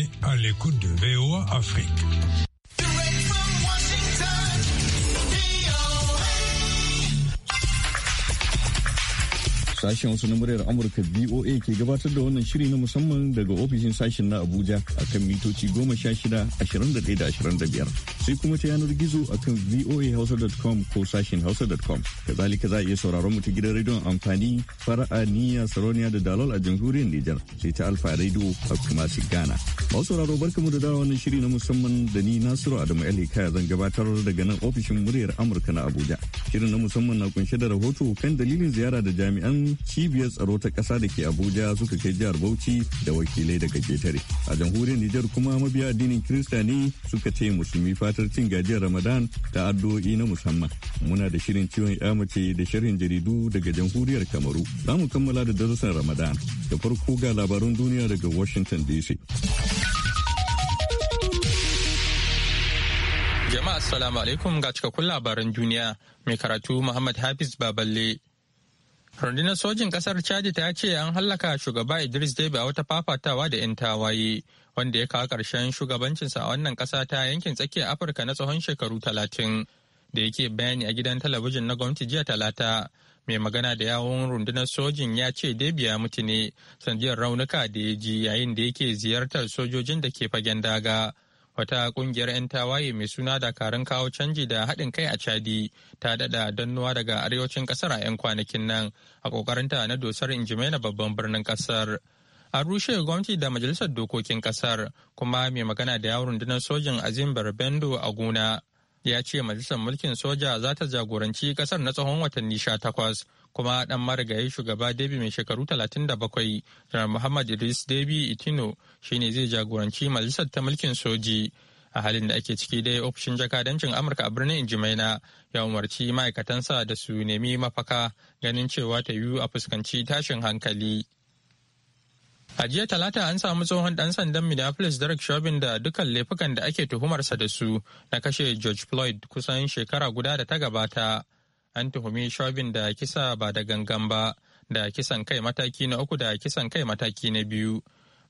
est à l'écoute de VOA Afrique. Sashen wasu na muryar Amurka BOA ke gabatar da wannan shiri na musamman daga ofishin sashen na Abuja a kan mitoci goma sha shida 21 da biyar. sai kuma ta yanar gizo a akan voahausa.com ko sashen hausa.com. Kazalika za a iya sauraron mu ta gidan rediyon amfani fara'a niyya sarauniya da dalol a jamhuriyar Nijar sai ta alfa rediyo a kuma su a Masu sauraro barkamu da dawa wannan shiri na musamman da ni Nasiru Adamu Ali Kaya zan gabatar daga nan ofishin muryar Amurka na Abuja. Shirin na musamman na kunshe da rahoto kan dalilin ziyara da jami'an cibiyar tsaro ta ƙasa da ke Abuja suka kai jihar Bauchi da wakilai daga ƙetare A jamhuriyar Nijar kuma mabiya addinin Kirista ne suka ce musulmi fata fatar cin gajiyar Ramadan ta addu'o'i na musamman. Muna da shirin ciwon ya mace da shirin jaridu daga jamhuriyar Kamaru. Za mu kammala da darussan Ramadan. Da farko ga labarun duniya daga Washington DC. Jama'a assalamu alaikum ga cikakkun labaran duniya mai karatu Muhammad Hafiz Baballe. rundunar sojin kasar chad ta ce an hallaka shugaba idris debe a wata fafatawa da 'yan tawaye wanda ya kawo ƙarshen shugabancinsa a wannan ƙasa ta yankin tsakiyar afirka na tsawon shekaru talatin da yake bayani a gidan talabijin na gwamnati jiya talata mai magana da yawon rundunar sojin ya ce debi ya mutu ne sanadiyar raunuka da ya ji yayin da yake ziyartar sojojin da ke fagen daga wata kungiyar 'yan tawaye mai suna dakarun kawo canji da haɗin kai a chadi ta daɗa nuwa daga arewacin ƙasar a 'yan kwanakin nan a ƙoƙarinta na dosar injimai na babban birnin ƙasar a rushe gwamnati da majalisar dokokin ƙasar kuma mai magana da yawon rundunar sojin azim barbendo a gona ya ce majalisar mulkin soja za ta jagoranci kasar na tsawon watanni sha takwas kuma dan marigayi shugaba debi mai shekaru talatin 37 janar muhammad idris debi itino shine zai jagoranci majalisar ta mulkin soji a halin da ake ciki dai ofishin jakadancin amurka a birnin injimaina ya umarci ma'aikatansa da su nemi mafaka ganin cewa ta yiwu a fuskanci tashin hankali A jiya talata an samu tsohon dan sandan Minneapolis Derek Chauvin da dukkan laifukan da ake tuhumarsa da su na kashe George Floyd kusan shekara guda da ta gabata. An tuhumi Chauvin da kisa ba da gangan ba, da kisan kai mataki na uku da kisan kai mataki na biyu.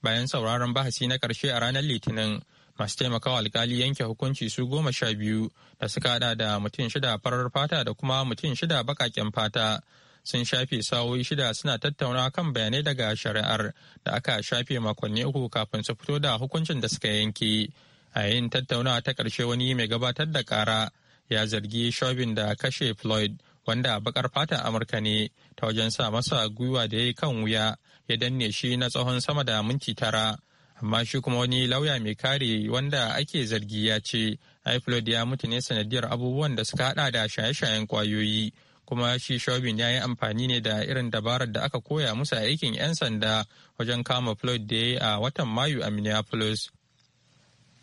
Bayan sauraron bahasi na karshe a ranar Litinin, masu taimakawa alkali yanke hukunci su goma sha biyu da suka hada da mutum shida farar fata da kuma mutum shida baƙaƙen fata sun shafe sawoyi shida suna tattauna kan bayanai daga shari'ar da aka shafe makonni uku kafin su fito da hukuncin da suka yanke a yayin tattauna ta karshe wani mai gabatar da ƙara ya zargi shobin da kashe floyd wanda bakar fata amurka ne ta wajen sa masa gwiwa da ya yi kan wuya ya danne shi na tsawon sama da minti tara amma shi kuma wani lauya mai kare wanda ake zargi ya ce floyd ya mutu ne sanadiyar abubuwan da suka hada da shaye-shayen kwayoyi kuma shi shobin ya yi amfani ne da irin dabarar da aka koya musu a aikin 'yan sanda wajen kama Floyd da ya a watan Mayu a Minneapolis.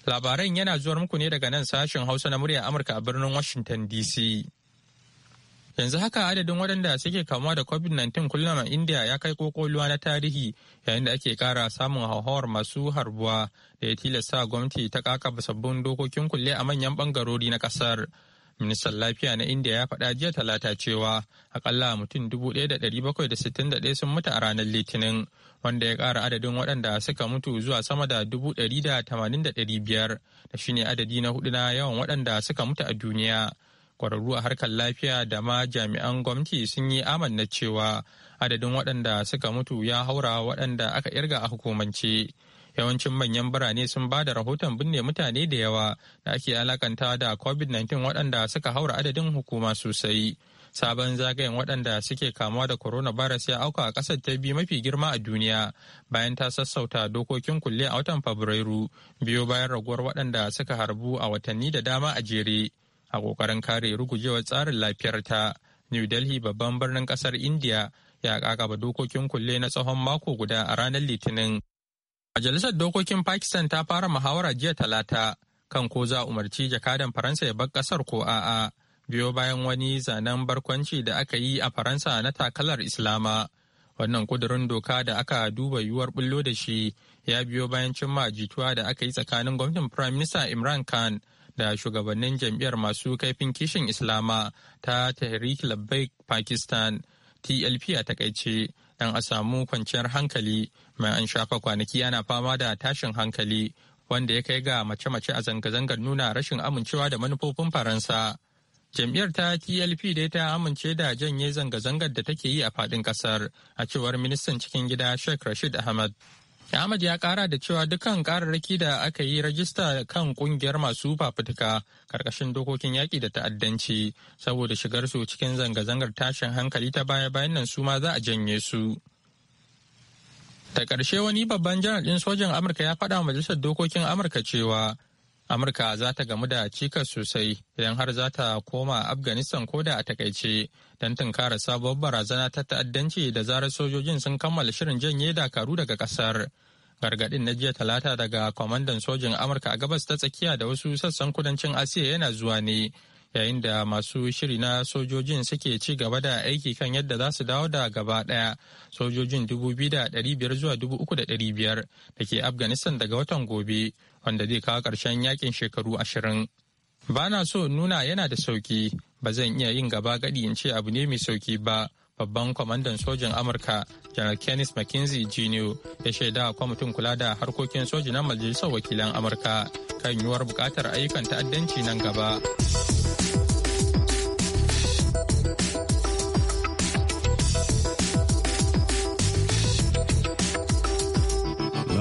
Labaran yana zuwar muku ne daga nan sashen Hausa na murya Amurka a birnin Washington DC. Yanzu haka adadin waɗanda suke kamuwa da COVID-19 kullum a India ya kai kokoluwa na tarihi yayin da ake kara samun hauhawar masu harbuwa da ya tilasta gwamnati ta kakaba sabbin dokokin kulle a manyan bangarori na ƙasar. Ministan Lafiya na India ya faɗa jiya talata cewa akalla mutum 1,761 sun mutu a ranar Litinin, wanda ya ƙara adadin waɗanda suka mutu zuwa sama da 180,500 da shine adadi na hudu na yawan waɗanda suka mutu a duniya. Kwararru a harkar lafiya da ma jami'an gwamnati sun yi amanna cewa adadin waɗanda suka mutu ya haura waɗanda aka irga a hukumance. yawancin manyan birane sun ba da rahoton binne mutane da yawa da ake alakanta da covid-19 waɗanda suka haura adadin hukuma sosai sabon zagayen waɗanda suke kamuwa da coronavirus ya auka a ƙasar ta biyu mafi girma a duniya bayan ta sassauta dokokin kulle a watan fabrairu biyo bayan raguwar waɗanda suka harbu a watanni da dama a jere a ƙoƙarin kare rugujewar tsarin lafiyar ta new delhi babban birnin ƙasar india ya ƙaƙaba dokokin kulle na tsawon mako guda a ranar litinin Majalisar Dokokin Pakistan ta fara muhawara jiya talata kan ko za umarci jakadan Faransa ya bar kasar ko a'a biyo bayan wani zanen barkwanci da aka yi a Faransa na takalar Islama. Wannan kudurin doka da aka duba yiwuwar bullo da shi ya biyo bayan cimma jituwa da aka yi tsakanin gwamnatin Prime Minister Imran Khan da shugabannin jam'iyyar masu kaifin kishin Islama ta Tehreek Labbaik Pakistan TLP a takaice. don a samu kwanciyar hankali mai an shafa kwanaki yana fama da tashin hankali wanda ya kai ga mace-mace a zanga-zangar nuna rashin amincewa da manufofin faransa jam'iyyar ta tlp dai ta amince da janye zanga-zangar da take yi a faɗin ƙasar a cewar ministan cikin gida sheikh rashid ahmad Ahmad ya kara da cewa dukkan kararraki da aka yi rajista kan kungiyar masu fafutuka karkashin dokokin yaƙi da ta'addanci saboda shigar su cikin zanga-zangar tashin hankali ta baya-bayan nan su ma za a janye su. Ta ƙarshe wani babban janar ɗin sojan Amurka ya faɗa majalisar dokokin Amurka cewa amurka za ta gamu da cikas sosai idan har za ta koma afghanistan ko da a takaice don tunkara sabuwar barazana ta ta'addanci da zarar sojojin sun kammala shirin janye dakaru daga kasar gargaɗin na jiya talata daga kwamandan sojin amurka a gabas ta tsakiya da wasu sassan kudancin asiya yana zuwa ne yayin da masu shiri na sojojin suke ci gaba da aiki kan yadda za su dawo da gaba ɗaya sojojin 2,500 zuwa 3,500 da ke afghanistan daga watan gobe wanda zai kawo ƙarshen yakin shekaru ashirin. Ba na so nuna yana da sauki, ba zan iya yin gaba gadi in ce abu ne mai sauki ba. Babban kwamandan sojin Amurka, General Kenneth McKinsey Jr. ya shaida kwamitin kula da harkokin sojin na Majalisar Wakilan Amurka kan yiwuwar buƙatar ayyukan ta'addanci nan gaba.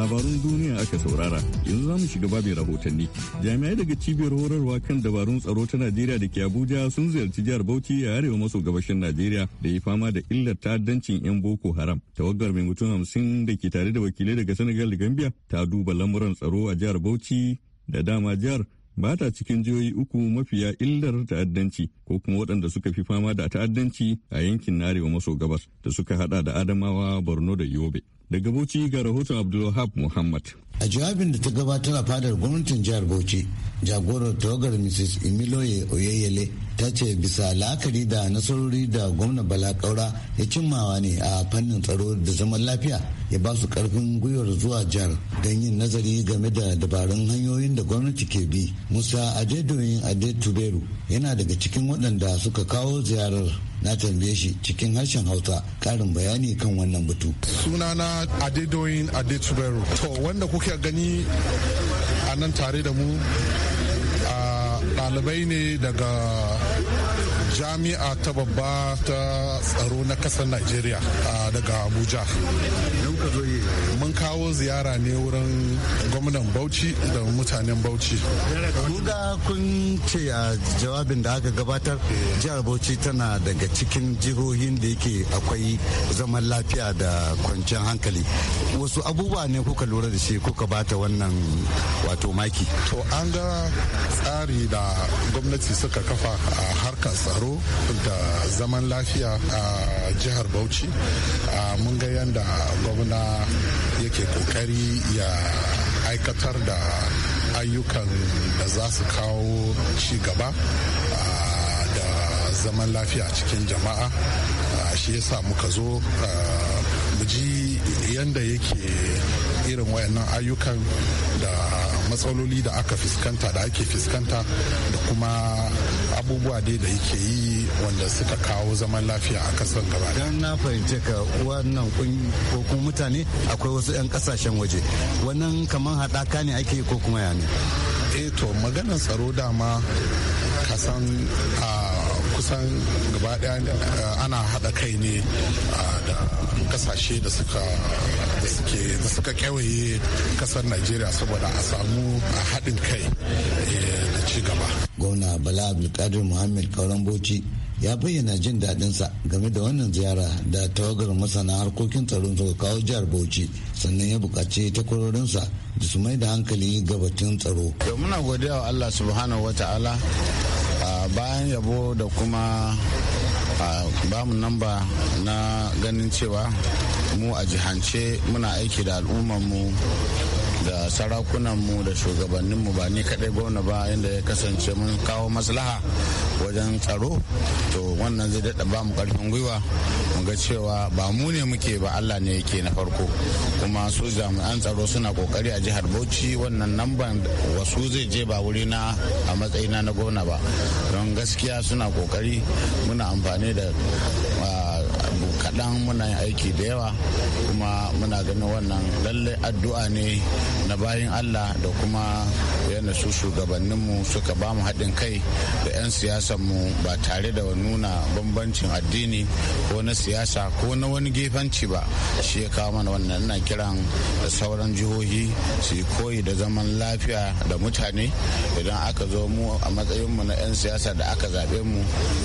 labarun duniya aka saurara yanzu za mu shiga babin rahotanni jami'ai daga cibiyar horarwa kan dabarun tsaro ta najeriya da ke abuja sun ziyarci jihar bauchi a arewa maso gabashin najeriya da ya fama da illar ta'addancin yan boko haram tawagar mai mutum hamsin da ke tare da wakilai daga senegal da gambia ta duba lamuran tsaro a jihar bauchi da dama jihar ba ta cikin jihohi uku mafiya illar ta'addanci ko kuma waɗanda suka fi fama da ta'addanci a yankin arewa maso gabas da suka hada da adamawa borno da yobe Daga Bauchi ga rahoton Abdulwahab Muhammad. a jawabin da ta gabatar a fadar gwamnatin jihar bauchi jagorar tawagar mrs emiloye oyeyele ta ce bisa la'akari da nasarori da gwamna bala kaura ya cimmawa ne a fannin tsaro da zaman lafiya ya ba su karfin gwiwar zuwa jihar don yin nazari game da dabarun hanyoyin da gwamnati ke bi musa adedoyin adetuberu yana daga cikin waɗanda suka kawo ziyarar na tambaye shi cikin harshen hausa karin bayani kan wannan batu sunana adedoyin adetuberu to wanda kuke kuke gani a nan tare da mu a ɗalibai ne daga jami'a ta babba ta tsaro na ƙasar nigeria daga abuja mun kawo ziyara ne wurin gwamnan Bauchi da mutanen Bauchi. Mun ga kun ce a jawabin da aka gabatar jihar Bauchi tana daga cikin jihohin da yake akwai zaman lafiya da kwanciyar hankali. Wasu abubuwa ne kuka lura da shi kuka bata wannan wato maki. To an ga tsari da gwamnati suka kafa a harkar tsaro da zaman lafiya a jihar Bauchi. Mun ga yadda gwamnati. ta'ala yake kokari ya aikatar da ayyukan da za su kawo ci gaba ah, da zaman lafiya cikin jama'a ah, shi yasa muka zo ah, ji yadda yake irin wayannan ayyukan da matsaloli da aka fuskanta da ake fuskanta da kuma abubuwa dai da yake yi wanda suka kawo zaman lafiya a kasar gaba don na fahimce ka wannan ko kuma mutane akwai wasu 'yan kasashen waje wannan kamar haɗaka ne ake ko kuma ya ne eh to maganar tsaro dama kasan a ah, kusan gaba daya eh, ana haɗa kai ne ah, da kasashe da suka da suke da suka kewaye kasar najeriya saboda a samu ah, haɗin kai eh, da ci gaba gwamna bala abdulkadir muhammad kauran bauchi ya bayyana jin daɗinsa game da wannan ziyara da tawagar masana harkokin tsaron suka kawo jihar bauchi sannan ya buƙaci takwarorinsa da su mai da hankali gabatin tsaro. da muna godiya wa allah subhanahu wa ta'ala bayan yabo da kuma bamu namba na ganin cewa mu a jihance muna aiki da mu. da sarakunan mu da shugabanninmu ba ni kaɗai gwamna ba inda ya kasance mun kawo maslaha wajen tsaro to wannan zai daɗa ba mu ƙarfin gwiwa mu ga cewa ba mu ne muke ba allah ne yake na farko kuma su jami'an tsaro suna kokari a jihar bauchi wannan namban wasu zai je ba wuri na a matsayina na gwamna ba don gaskiya suna kokari muna amfani da kaɗan muna yin aiki da yawa kuma muna ganin wannan lalle addu'a ne na bayan allah da kuma yana su shugabanninmu suka ba mu haɗin kai da 'yan siyasanmu ba tare da nuna bambancin addini ko na siyasa ko na wani gefanci ba shi ya kawo mana wannan na kiran da sauran jihohi su koyi da zaman lafiya da mutane idan aka zo mu a matsayinmu na 'yan siyasa da aka zaɓe mu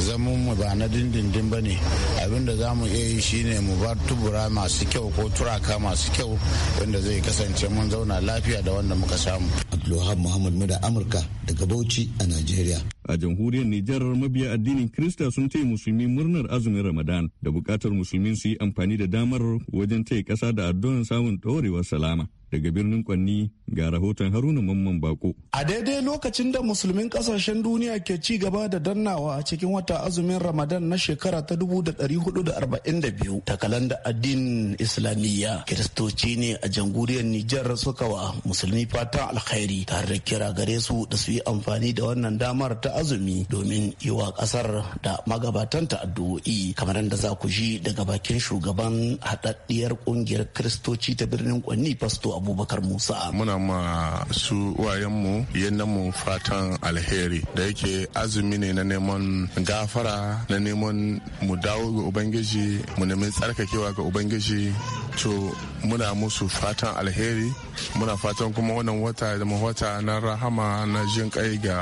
zaman mu ba na dindindin ba ne abinda za mu iya yi shine mu bar tubura masu kyau ko turaka masu kyau wanda zai kasance mun zauna lafiya da wanda muka samu. Abdulwahab Muhammad da Amurka daga Bauchi a Najeriya. A jamhuriyar Nijar mabiya addinin Krista sun taya musulmi murnar azumin Ramadan da bukatar musulmi su yi amfani da damar wajen taya ƙasa da addu'an samun ɗorewar salama. Daga birnin Kwanni Ga rahoton Haruna Mamman Bako. A daidai lokacin da musulmin kasashen duniya ke ci gaba da dannawa a cikin wata azumin Ramadan na shekara ta 1442 ta kalanda addinin Islamiyya. Kiristoci ne a jamhuriyar Nijar suka wa musulmi fatan alkhairi tare da kira gare su da su yi amfani da wannan damar ta azumi domin yi wa kasar da magabatan ta addu'o'i kamar da za ku ji daga bakin shugaban haɗaɗɗiyar ƙungiyar kiristoci ta birnin Kwanni Fasto Abubakar Musa. ma su uwayenmu mu fatan alheri da yake azumi ne na neman gafara na neman mu dawo ga ubangiji mu nemi tsarkakewa ga ubangiji to muna musu fatan alheri muna fatan kuma wannan wata da wata na rahama na jin kai ga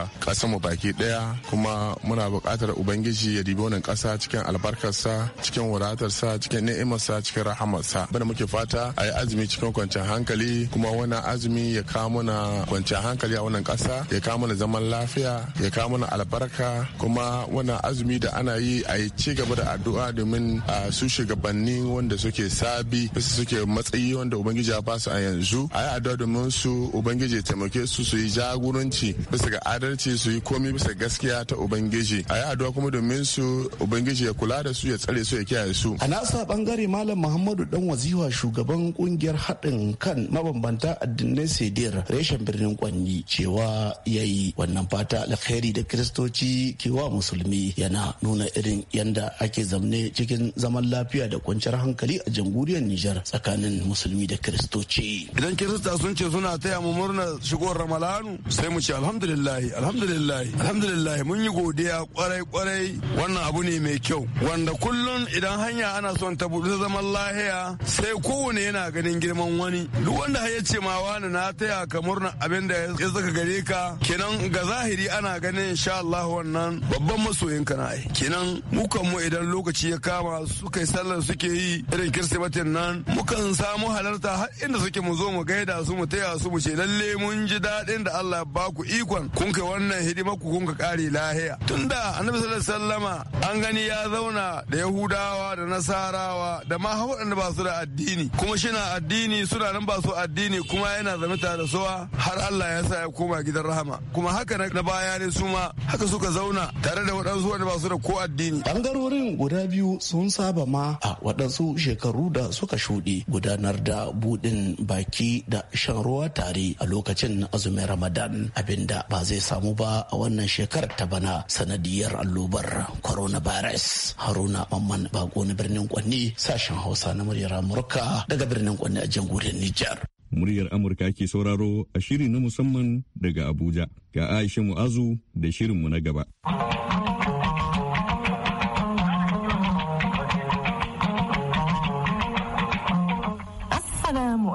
mu baki daya kuma muna buƙatar ubangiji ya dibi wannan kasa cikin albarkarsa cikin wadatarsa cikin ni'imarsa cikin rahamarsa bana muke fata a yi azumi cikin kwanciyar hankali kuma wannan azumi ya kawo kwanciyar hankali a wannan kasa ya kawo zaman lafiya ya kawo albarka kuma wannan azumi da ana yi a yi ci gaba da addu'a domin su shugabanni wanda suke sabi bisa suke matsayi wanda ubangiji ya basu a yanzu a yi addu'a domin su ubangiji ya taimake su su yi jagoranci bisa ga adalci su yi komi bisa gaskiya ta ubangiji a yi addu'a kuma domin su ubangiji ya kula da su ya tsare su ya kiyaye su a nasa bangare malam muhammadu dan waziwa shugaban kungiyar haɗin kan mabambanta addinai sedir reshen birnin kwanyi cewa ya yi wannan fata alkhairi da kiristoci ke wa musulmi yana nuna irin yanda ake zamne cikin zaman lafiya da kwanciyar hankali a jamhuriyar nijar Sakanin tsakanin musulmi da kiristoci. Idan kirista sun ce suna taya mu murna shigowar Ramalanu sai mu ce alhamdulillah alhamdulillah alhamdulillah mun yi godiya kwarai kwarai wannan abu ne mai kyau wanda kullum idan hanya ana son ta budu zaman lahiya sai kowane yana ganin girman wani duk wanda ya ce ma wani na taya ka murna abin da ya saka gare ka kenan ga zahiri ana ganin insha Allah wannan babban masoyin ka na kenan mu mu idan lokaci ya kama suka yi sallar suke yi irin kirsimatin nan mukan samu halarta har inda suke mu zo mu gaida su mu taya su mu ce lalle mun ji daɗin da Allah ba ku ikon kun kai wannan hidima ku kun ka kare lahiya tunda annabi sallallahu alaihi wasallam an gani ya zauna da yahudawa da nasarawa da ma waɗanda ba su da addini kuma shina addini suna nan ba su addini kuma yana zama tare da suwa har Allah ya sa ya koma gidan rahama kuma haka na baya ne su ma haka suka zauna tare da waɗansu wanda ba su da ko addini bangarorin guda biyu sun saba ma a waɗansu shekaru da suka shuɗi gudanar da buɗin baki da shan ruwa tare a lokacin azumin Ramadan abinda ba zai samu ba a wannan shekarar ta bana sanadiyar allobar coronavirus. Haruna Mamman Baƙo na birnin Kwanni sashen Hausa na muryar Amurka daga birnin Kwanni a jamhuriyar Nijar. Muryar Amurka ke sauraro a shiri na musamman daga Abuja ga Aisha Mu'azu da shirinmu na gaba.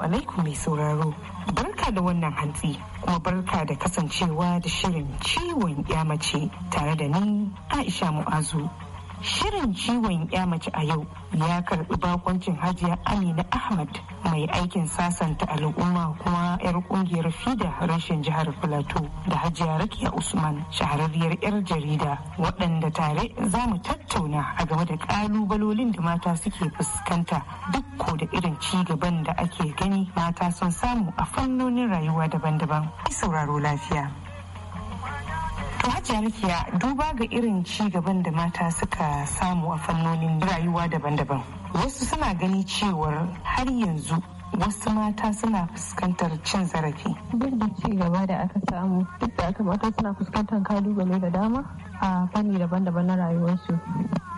alaikum mai sauraro. Barka da wannan hantsi kuma barka da kasancewa da shirin ciwon ya mace tare da ni Aisha Mu'azu. Shirin ciwon ya mace a yau ya karbi bakoncin Hajiya Amina Ahmad mai aikin sasanta al'umma kuma 'yar kungiyar fida rashin jihar Filato da Hajiya Rakiya Usman shahararriyar 'yar jarida waɗanda tare za mu tattauna a game da ƙalubalolin da mata suke fuskanta duk ko da irin ci gaban da ake gani mata sun samu a fannonin rayuwa daban-daban. sauraro lafiya. Hajiya rikiya duba ga irin ci gaban da mata suka samu a fannonin rayuwa daban-daban. Wasu suna gani cewar har yanzu wasu mata suna fuskantar cin zarafi. Duk da ci gaba da aka samu duk da aka mata suna fuskantar kalubale da dama a fanni daban-daban na rayuwarsu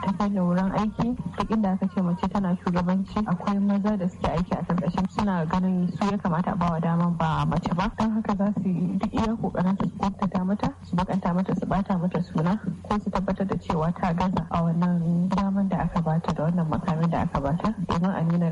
ta fanni wurin aiki duk inda aka ce mace tana shugabanci akwai maza da suke aiki a karkashin suna ganin su ya kamata a bawa daman ba mace ba don haka za su yi duk iya kokarin su kwantata mata su bakanta mata su bata mata suna ko su tabbatar da cewa ta gaza a wannan daman da aka bata da wannan makamin da aka bata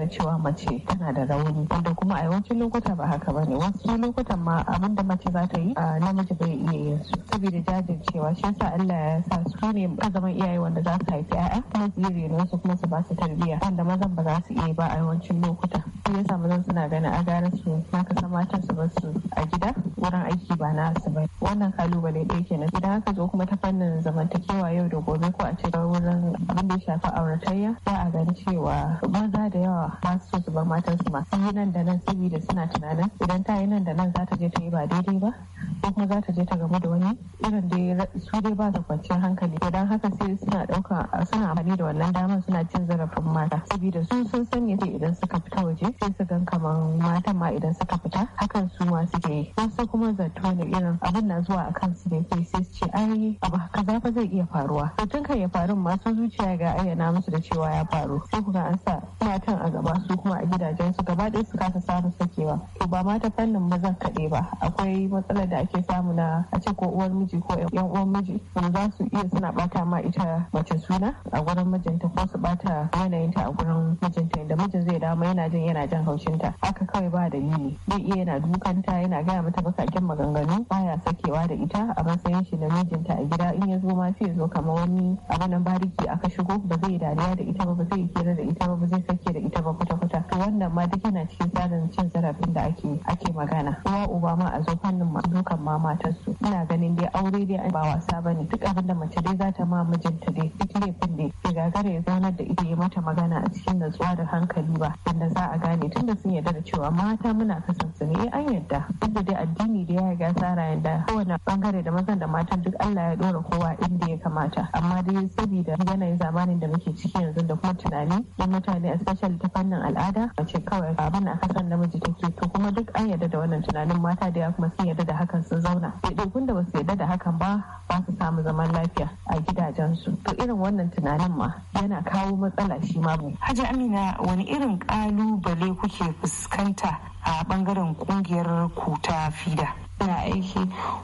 gane cewa mace tana da rauni wanda kuma a yawancin lokuta ba haka ba ne wasu lokutan ma abin da mace za ta yi a namiji bai iya yin su saboda jajircewa shi yasa Allah ya sa su ne a zaman iyaye wanda za su haifi ƴaƴa kuma su yi su kuma su ba su tarbiyya wanda mazan ba za su iya ba a yawancin lokuta shi yasa mazan suna ganin a gara su na kasa matan su ba su a gida wurin aiki ba na su ba wannan kalubale ɗaya kenan idan aka zo kuma ta fannin zamantakewa yau da gobe ko a ce wurin abin da ya shafi auratayya za a gani cewa maza da yawa Masu su so bar matan su masu yi nan da nan saboda suna tunanin idan ta yi nan da nan za ta je ta yi ba daidai ba ko kuma za ta je ta gamu da wani irin da su dai ba su kwanciyar hankali to don haka sai suna ɗauka suna amfani da wannan damar suna cin zarafin mata saboda su sun sani sai idan suka fita waje sai su gan kamar matan ma idan suka fita hakan su ma suke yi wasu kuma zato ne irin abin na zuwa a su ne sai su ce ai abu za fa zai iya faruwa to tun kan ya faru masu zuciya ga ayyana musu da cewa ya faru sai kuka an sa matan a gaba ba su kuma a gidajen su gaba ɗaya su kasa samun sakewa to ba ma ta fannin mazan kaɗai ba akwai matsalar da ake samu na a ce ko uwar miji ko yan uwan miji ko za su iya suna bata ma ita mace suna a gurin mijinta ko su bata yanayinta a gurin mijinta inda mijin zai dama yana jin yana jan haushinta haka kawai ba dalili zai iya yana dukanta yana gaya mata bakakin maganganu baya sakewa da ita a matsayin shi na mijinta a gida in ya zo ma sai ya zo kamar wani abu nan bariki aka shigo ba zai dariya da ita ba ba zai kira da ita ba ba zai sake da ita ba kwata-kwata to wannan ma duk yana cikin tsarin cin zarafin da ake ake magana kowa uba ma a zo fannin ma. dukan ma su. ina ganin dai aure dai ba wasa bane duk abin da mace dai za ta ma mijinta dai duk laifin dai ya gagara ya zaunar da ita ya mata magana a cikin natsuwa da hankali ba wanda za a gane tunda sun yarda da cewa mata muna kasance ne eh, an yarda duk dai addini da ya ga tsara yadda. kowane bangare da mazan da matan duk Allah ya dora kowa inda ya kamata amma dai saboda yanayin zamanin da muke ciki yanzu da kuma tunani da mutane a especially ta Wannan al'ada mace kawai abin a hakan namiji take to kuma duk an yarda da wannan tunanin mata da ya kuma sun yarda da hakan sun zauna eh, kun da ba su yarda da hakan ba ba su samu zaman lafiya a gidajensu to irin wannan tunanin ma yana kawo matsala shi ma bu. Hajji Amina wani irin ƙalubale kuke fuskanta a bangaren kungiyar kuta fida Ina aiki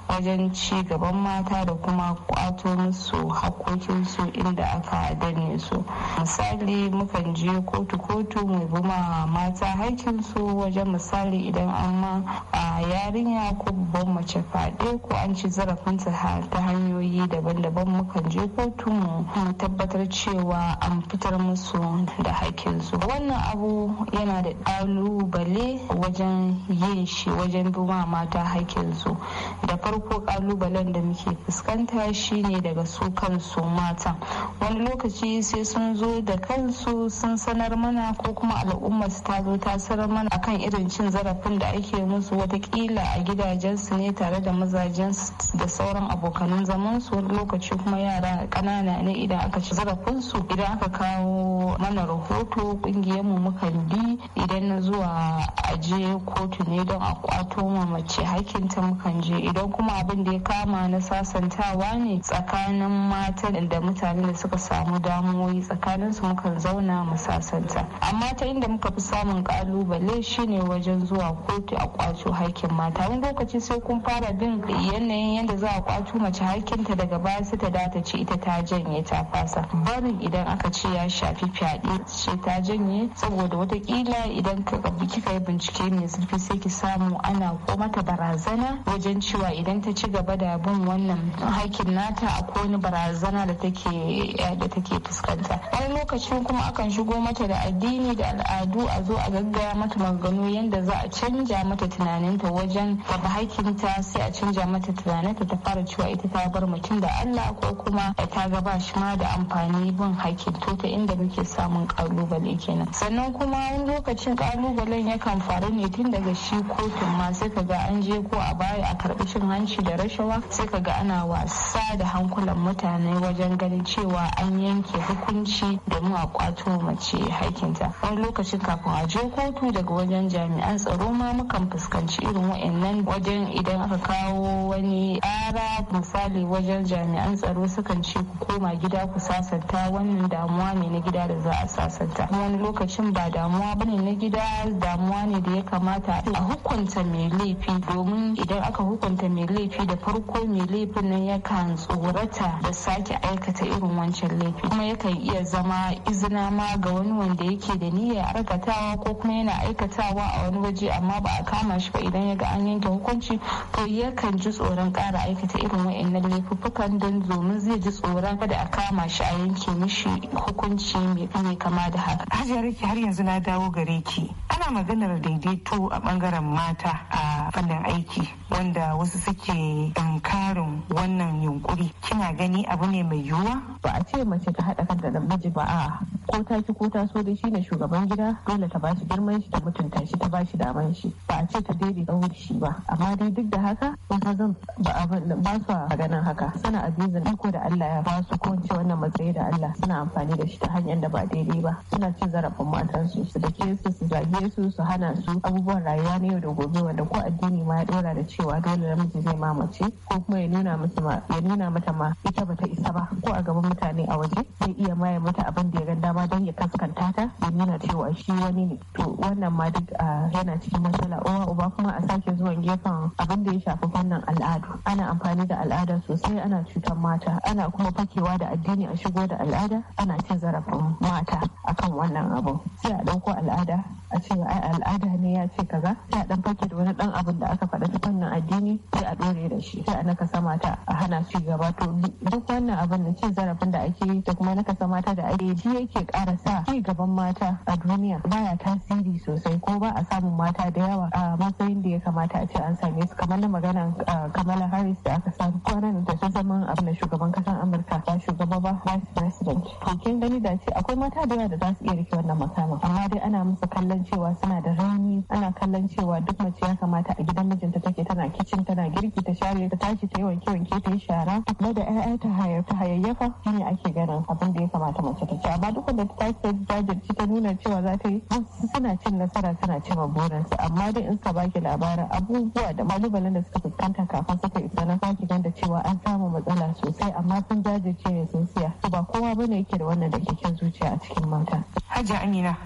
wajen ci gaban mata da kuma kwato musu hakokinsu inda aka danne su misali mukan je kotu-kotu mai goma mata haikinsu wajen misali idan an ma a yarinya ko babban mace faɗe ko an ci zarafinta ta hanyoyi daban-daban mukan je kotu mu tabbatar cewa an fitar musu da hakinsu. wannan abu yana da ƙalubale wajen yin shi wajen duba mata su da farko kalubalen da muke fuskanta shine daga su kansu matan wani lokaci sai sun zo da kansu sun sanar mana ko kuma al'umma su ta zo ta sanar mana akan irin cin zarafin da ake musu watakila a gidajensu ne tare da mazajensu da sauran abokanan su wani lokaci kuma yara ƙanana ne idan aka ci su idan aka kawo mana rahoto ƙungiyarmu mukan bi idan na zuwa aji je kotu ne don a kwato ma mace hakinta mukan je idan kuma abin da ya kama na sasantawa ne tsakanin matan da mutane da suka samu damuwoyi tsakanin su mukan zauna mu sasanta amma ta inda muka fi samun kalubale shine wajen zuwa kotu a kwato hakin mata wani lokaci sai kun fara bin yanayin yadda za a kwato mace hakinta daga baya sai ta data ce ita ta janye ta fasa barin idan aka ce ya shafi fyaɗe ce ta janye saboda watakila idan ka kika yi bincike sun fi sai ki samu ana ko mata barazana wajen cewa idan ta ci gaba da bin wannan hakin nata a wani barazana da take eh, da take fuskanta wani lokacin kuma akan shigo mata da addini da al'adu a zo a gaggaya mata maganganu yadda za a canja mata tunaninta wajen ta daga ta sai a canja mata tunaninta ta fara cewa ita ta bar mutum da Allah ko kuma ta ga ba shi ma da amfani bin hakin to ta inda muke samun kalubale kenan sannan kuma wani lokacin kalubalen yakan faru ne ne tun daga shi kotun ma sai ka ga an je ko a baya a karɓi cin hanci da rashawa sai ka ga ana wasa da hankulan mutane wajen ganin cewa an yanke hukunci domin a kwato mace hakinta wani lokacin kafin a je kotu daga wajen jami'an tsaro ma mukan fuskanci irin wa'annan wajen idan aka kawo wani ƙara misali wajen jami'an tsaro sukan ce ku koma gida ku sasanta wannan damuwa ne na gida da za a sasanta wani lokacin ba damuwa bane na gida damuwa ne da ya ya kamata a hukunta mai laifi domin idan aka hukunta mai laifi da farko mai laifin nan yakan tsorata da sake aikata irin wancan laifi kuma yakan iya zama izina ma ga wani wanda yake da niyya aikatawa ko kuma yana aikatawa a wani waje amma ba a kama shi ba idan ya ga an yanke hukunci to yakan ji tsoron kara aikata irin wa'annan laifukan don domin zai ji tsoron kada a kama shi a yanke mishi hukunci mai kama da haka. Hajiyar har yanzu na dawo gare ki. Ana maganar daidai daidaito a bangaren mata a fannin aiki wanda wasu suke dankarin wannan yunkuri kina gani abu ne mai yiwuwa ba a ce mace ta haɗa kanta da miji ba a ko ta ki ko ta so dai shine shugaban gida dole ta bashi girman shi ta mutunta shi ta bashi daman shi ba a ce ta daidaita wuri shi ba amma dai duk da haka wata zan ba a ba su a ganin haka suna abizin iko da Allah ya ba su ce wannan matsayi da Allah suna amfani da shi ta hanyar da ba daidai ba suna cin zarafin matan su dake su su zage su su hana su abubuwan rayuwa na yau da gobe wanda ko addini ma ya dora da cewa dole namiji zai mamace ko kuma ya nuna mata ma ya nuna mata ma ita bata isa ba ko a gaban mutane a waje zai iya maye mata abin da ya ga dama don ya kaskanta ta ya nuna cewa shi wani ne to wannan ma duk ah, yana cikin matsala uwa uba kuma a sake zuwan gefen abin da ya shafi fannin al'adu ana amfani da al'ada sosai ana cutar mata ana kuma fakewa da addini a shigo da al'ada ana cin zarafin mata akan wannan abu sai a ɗauko al'ada a ce ai al'ada ne ya ce kaza sai a dan fake da wani dan abin da aka faɗa ta fannin addini sai a dore da shi sai a nakasa mata a hana su gaba to duk wannan abin da cin zarafin da ake yi da kuma nakasa mata da ake yi. yake ƙara sa ci gaban mata a duniya baya tasiri sosai ko ba a samun mata da yawa a matsayin da ya kamata a ce an same su kamar na magana kamala harris da aka samu kwanan da ta zama abin da shugaban kasan amurka ba shugaba ba vice president to kin gani da ce akwai mata da yawa da za su iya rike wannan makama amma dai ana musu kallon cewa suna da rauni ana kallon cewa duk mace ya kamata a gidan mijinta take tana kicin tana girki ta share ta tashi ta yi wanke wanke ta yi shara ta da ƴaƴa ta hayar ta hayayyafa shine ake ganin abin da ya kamata mace ta ci amma duk wanda ta tashi jajirci ta nuna cewa za ta yi suna cin nasara suna cin su amma dai in ka baki labarin abubuwa da malubalen da suka fuskanta kafin suka isa na baki ganda cewa an samu matsala sosai amma sun jajirce ne sun siya ba kowa ba ne yake da wannan da zuciya a cikin mata. Hajji Amina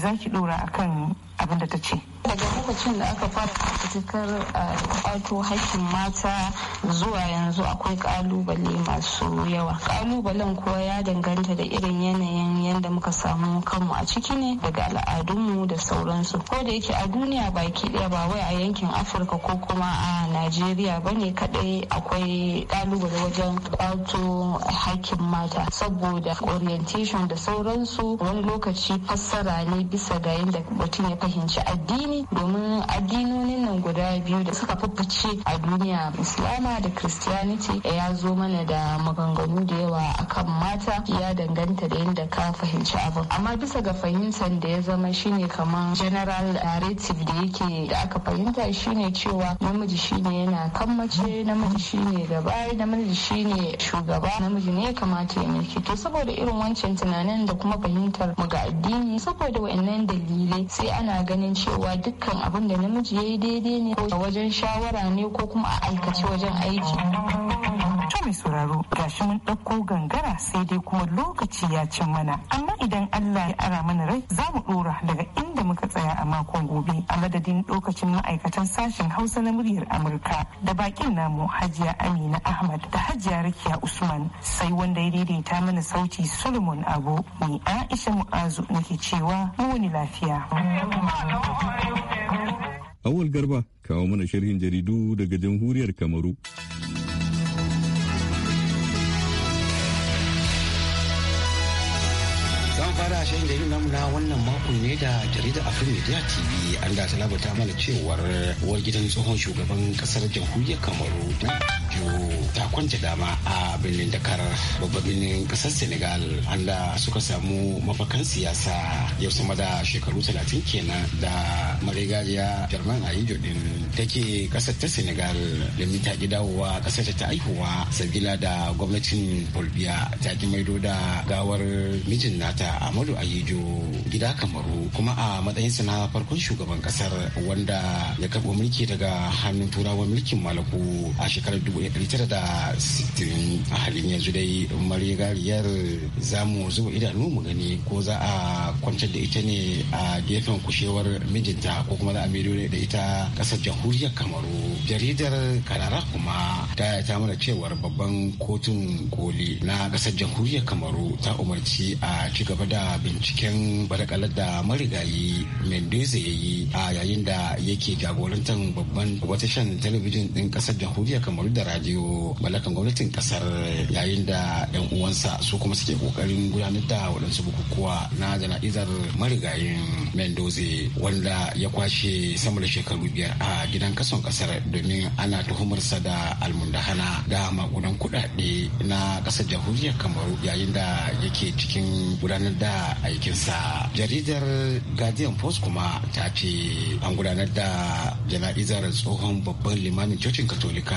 za ki dora akan abin da ta ce. Daga lokacin da aka fara fafutukar eh, kwato hakkin mata zuwa yanzu akwai kalubale masu yawa. Kalubalen kuwa ya danganta da irin yanayin yadda muka samu kanmu a ciki ne daga al'adunmu da sauransu. Ko da yake a duniya baki ɗaya ba wai a yankin Afirka ko kuma a Najeriya ba ne kaɗai akwai kalubale wajen kwato hakkin mata saboda orientation da sauransu wani lokaci fassara ne bisa ga yadda mutum ya fahimci addini domin addinonin nan guda biyu da suka fuffuce a duniya islama da christianity eh, ya zo mana da maganganu da yawa akan mata ya danganta da yadda ka fahimci abin amma bisa ga fahimtar da ya zama shine kamar general narrative da yake da aka fahimta shine cewa namiji shine yana kan mace namiji shine gaba namiji shine shugaba namiji ne ya kamata ya mulki to saboda irin wancan tunanin da kuma fahimtar mu ga addini saboda wa'annan dalilai sai ana ganin cewa dukkan abin da namiji ya yi daidai ne a wajen shawara ne ko kuma a aikace wajen aiki. mai sauraro gashi mun ɗauko gangara sai dai kuma lokaci ya cin mana amma idan Allah ya ara mana rai za mu ɗora daga inda muka tsaya a makon gobe a madadin lokacin ma'aikatan sashen Hausa na muryar Amurka da bakin namu Hajiya Amina Ahmad da Hajiya Rakiya Usman sai wanda ya daidaita mana sauti Solomon Abu ni Aisha Mu'azu nake cewa muni lafiya. Awal Garba kawo mana sharhin jaridu daga jamhuriyar Kamaru. fara shayin da yin na wannan makon ne da jaridar Afrin Media TV an da talabata mana cewar uwar gidan tsohon shugaban kasar jamhuriyar Kamaru da ta kwanta dama a birnin Dakar babban birnin kasar Senegal an da suka samu mafakan siyasa yau sama da shekaru talatin kenan da marigajiya German Ayijo din take kasar ta Senegal domin ta ki dawowa kasar ta aihuwa sabila da gwamnatin Bolivia ta ki maido da gawar mijin nata a Muhammadu Ayijo gida Kamaru kuma a matsayinsa na farkon shugaban kasar wanda ya karɓo mulki daga hannun turawa mulkin malaku a shekarar 1960 a halin yanzu dai marigariyar za mu zuba idanu mu gani ko za a kwantar da ita ne a gefen kushewar mijinta ko kuma za a maido da ita kasar jamhuriyar kamaru jaridar kalara kuma ta ta mana cewar babban kotun koli na kasar jamhuriyar kamaru ta umarci a ci gaba da binciken barakalar da marigayi mendoza ya yi a yayin da yake jagorantar babban wata shan talabijin din kasar jamhuriyar kamaru da radio malakan gwamnatin kasar yayin da yan uwansa su kuma suke kokarin gudanar da waɗansu bukukuwa na jana'izar marigayin Mendoza wanda ya kwashe sama da shekaru biyar a gidan kason kasar domin ana tuhumarsa da almundahana da magudan kuɗaɗe na ƙasar jamhuriyar kamaru yayin da yake cikin gudanar da aikinsa jaridar guardian post kuma ta ce an gudanar da jana'izar tsohon babban limanin cocin katolika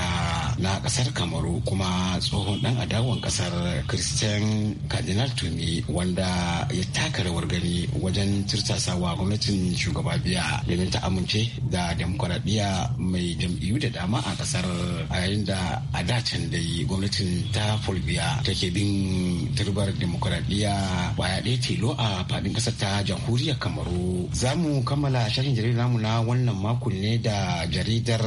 na ƙasar kamaru kuma tsohon ɗan adawan ƙasar christian cardinal tumi wanda ya taka rawar gani wajen tirsasawa gwamnatin shugaba biya domin ta amince da demokuraɗiyya mai jam'iyyu da dama a ƙasar a yayin da a dacen dai gwamnatin ta fulbiya take bin turbar demokuraɗiyya baya ɗaya tilo a faɗin ƙasar ta jamhuriyar kamaru za mu kammala shirin jaridar namu na wannan makon ne da jaridar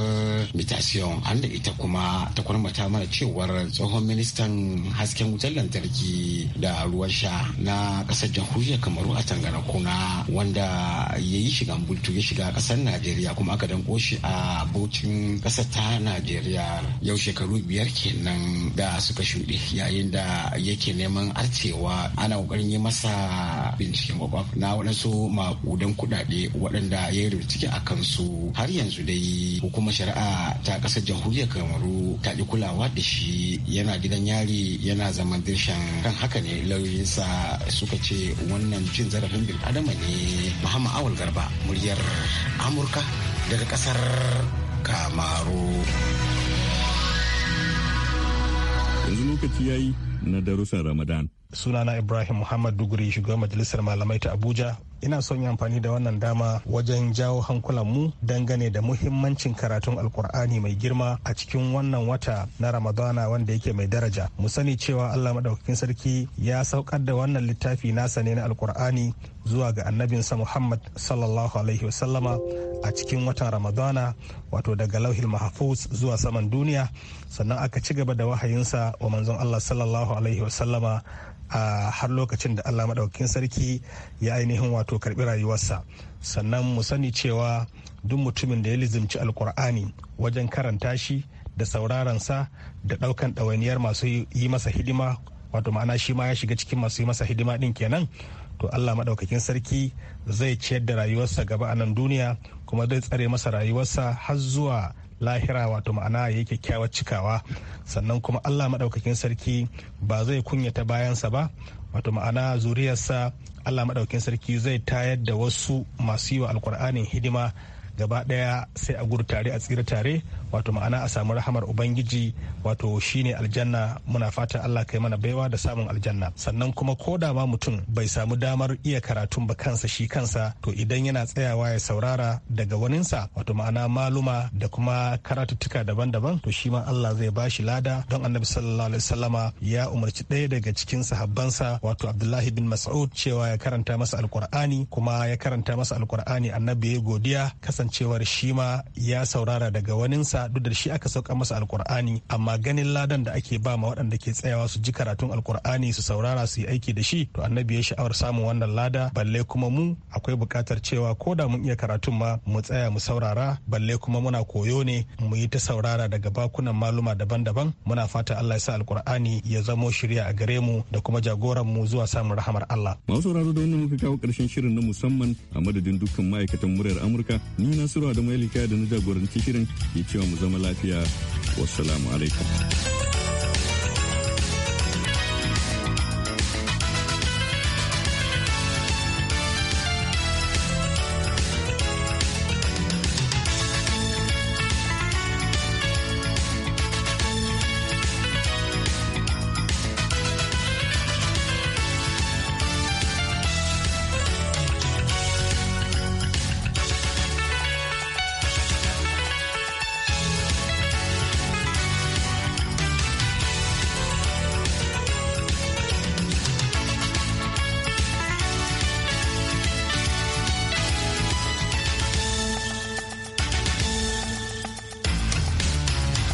mitasiyon an da ita kuma ta kwarmata mana cewar tsohon ministan hasken wutar lantarki da ruwan sha na kasar jamhuriyar kamaru a tangana kuna wanda ya yi shiga bultu ya shiga kasar najeriya kuma aka dan koshi a bocin kasar ta najeriya yau shekaru biyar kenan da suka shuɗe yayin da yake neman arcewa ana ƙoƙarin yi masa binciken kwakwaf na waɗansu maƙudan kuɗaɗe waɗanda ya yi rubutuki a kansu har yanzu dai hukumar shari'a ta ƙasar jamhuriyar kamaru ta ɗi kulawa da shi yana gidan yari yana zaman foundation kan haka ne lauyinsa suka ce wannan cin zarafin bil adama ne muhammad awal garba muryar amurka daga kasar kamaru yanzu lokaci ya yi na darussan ramadan sunana ibrahim muhammad duguri shugaban majalisar malamai ta abuja ina son yi amfani da wannan dama wajen jawo hankulanmu dangane da muhimmancin karatun alkur'ani mai girma a cikin wannan wata na ramadana wanda yake mai daraja mu sani cewa allah maɗaukakin sarki ya saukar da wannan littafi nasa ne na alkur'ani zuwa ga annabinsa muhammad sallallahu alaihi wasallama a cikin watan ramadana wato daga lauhil mahafuz zuwa saman duniya sannan aka ci gaba da wahayinsa wa manzon allah sallallahu alaihi wasallama a har lokacin da allah maɗaukakin sarki ya ainihin wato karɓi rayuwarsa sannan mu sani cewa duk mutumin da ya lizimci alkur'ani wajen karanta shi da sa da ɗaukan ɗawainiyar masu yi masa hidima wato ma'ana shi ma ya shiga cikin masu yi masa hidima ɗin kenan to Allah maɗaukakin sarki zai ciyar da rayuwarsa gaba a nan duniya kuma zai tsare masa rayuwarsa har zuwa lahira wato ma'ana ya yi kyakkyawar cikawa sannan kuma allah maɗaukakin sarki ba zai kunyata bayansa ba wato ma'ana zuriyarsa allah maɗaukakin sarki zai tayar da wasu masu yi wa alkur'anin hidima gaba daya sai a gudu tare a tsira tare wato ma'ana a samu rahamar ubangiji wato shine aljanna muna fatan allah kai mana baiwa da samun aljanna sannan kuma ko da ma mutum bai samu damar iya karatun ba kansa shi kansa to idan yana tsayawa ya saurara daga waninsa wato ma'ana maluma da kuma karatuttuka daban-daban to shi ma allah zai bashi lada don annabi sallallahu alaihi wasallama ya umarci ɗaya daga cikin sahabbansa wato abdullahi bin mas'ud cewa ya karanta masa alkur'ani kuma ya karanta masa alkur'ani annabi ya godiya kasance kasancewar shi ma ya saurara daga waninsa duk da shi aka sauka masa alkur'ani amma ganin ladan da ake ba ma waɗanda ke tsayawa su ji karatun alkur'ani su saurara su yi aiki da shi to annabi ya sha'awar samun wannan lada balle kuma mu akwai buƙatar cewa ko da mun iya karatun ma mu tsaya mu saurara balle kuma muna koyo ne mu yi ta saurara daga bakunan maluma daban-daban muna fata Allah ya sa alkur'ani ya zamo shirya a gare mu da kuma jagoran mu zuwa samun rahamar Allah. Masu sauraro da wannan muka kawo ƙarshen shirin na musamman a madadin dukkan ma'aikatan muryar Amurka ni ni nasiru da mai da na jagoranci shirin ke cewa mu zama lafiya wassalamu alaikum